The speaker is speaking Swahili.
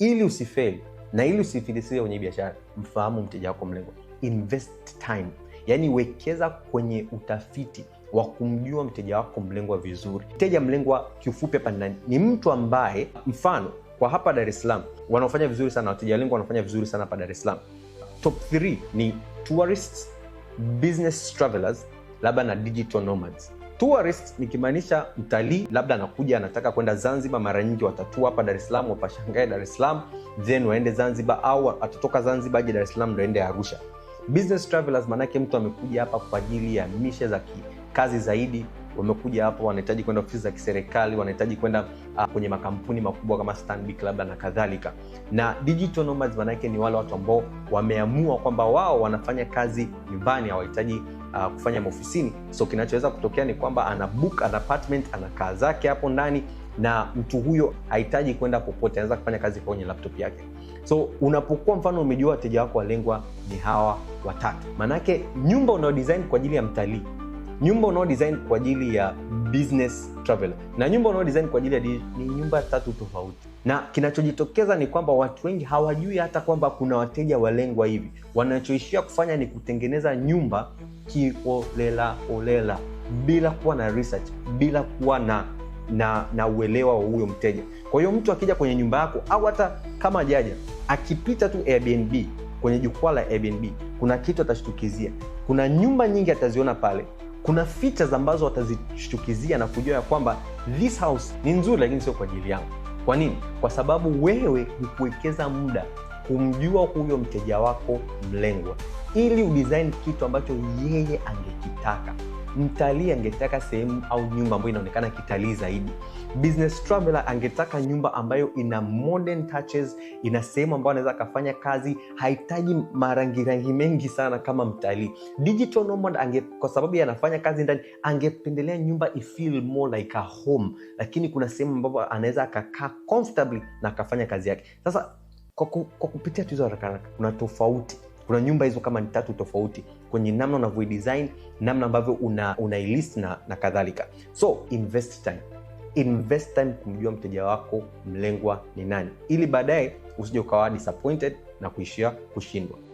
Ili usifeli na ili usifilisia kwenye biashara, mfahamu mteja wako mlengo. Invest time, yaani wekeza kwenye utafiti wa kumjua mteja wako mlengwa vizuri. Mteja mlengwa kiufupi hapa ni nani? Ni mtu ambaye, mfano kwa hapa Dar es Salaam wanaofanya vizuri sana, wateja walengwa wanafanya vizuri sana hapa Dar es Salaam, top 3 ni tourists, business travelers, labda na digital nomads. Tourist nikimaanisha mtalii, labda anakuja anataka kwenda Zanzibar, mara nyingi watatua hapa Dar es Salaam, wapashangae Dar es Salaam, then waende Zanzibar, au atatoka Zanzibar aje Dar es Salaam, ndo aende Arusha. Business travelers, manake mtu amekuja hapa kwa ajili ya mishe za kikazi zaidi, wamekuja hapo, wanahitaji kwenda ofisi za kiserikali, wanahitaji kwenda uh, kwenye makampuni makubwa kama Stanbic labda na kadhalika. Na digital nomads manake ni wale watu ambao wameamua kwamba wao wanafanya kazi nyumbani, hawahitaji Uh, kufanya maofisini. So kinachoweza kutokea ni kwamba ana book an apartment, kaa zake hapo ndani, na mtu huyo hahitaji kwenda popote, anaweza kufanya kazi kwenye laptop yake. So unapokuwa mfano umejua wateja wako walengwa ni hawa watatu, maanake nyumba unayo design kwa ajili ya mtalii nyumba unao design kwa ajili ya business travel na nyumba unao design kwa ajili ya ni nyumba tatu tofauti, na kinachojitokeza ni kwamba watu wengi hawajui hata kwamba kuna wateja walengwa hivi. Wanachoishia kufanya ni kutengeneza nyumba kiolela olela bila kuwa na research, bila kuwa na na na uelewa wa huyo mteja. Kwa hiyo mtu akija kwenye nyumba yako au hata kama jaja akipita tu Airbnb kwenye jukwaa la Airbnb, kuna kitu atashtukizia. Kuna nyumba nyingi ataziona pale kuna features ambazo watazishtukizia na kujua ya kwamba this house ni nzuri, lakini sio kwa ajili yangu. Kwa nini? Kwa sababu wewe hukuwekeza muda kumjua huyo mteja wako mlengwa, ili udesign kitu ambacho yeye angekitaka. Mtalii angetaka sehemu au nyumba ambayo inaonekana kitalii zaidi. Business traveler angetaka nyumba ambayo ina modern touches, ina sehemu ambayo anaweza akafanya kazi, hahitaji marangirangi mengi sana kama mtalii. Digital nomad ange, kwa sababu anafanya kazi ndani, angependelea nyumba feel more like a home, lakini kuna sehemu ambapo anaweza akakaa comfortably na akafanya kazi yake. Sasa kwa, ku, kwa kupitia tuzo haraka haraka kuna tofauti kuna nyumba hizo kama ni tatu tofauti kwenye namna unavyo design, namna ambavyo una, una list na, na kadhalika. So invest time, invest time kumjua mteja wako mlengwa ni nani, ili baadaye usije ukawa disappointed na kuishia kushindwa.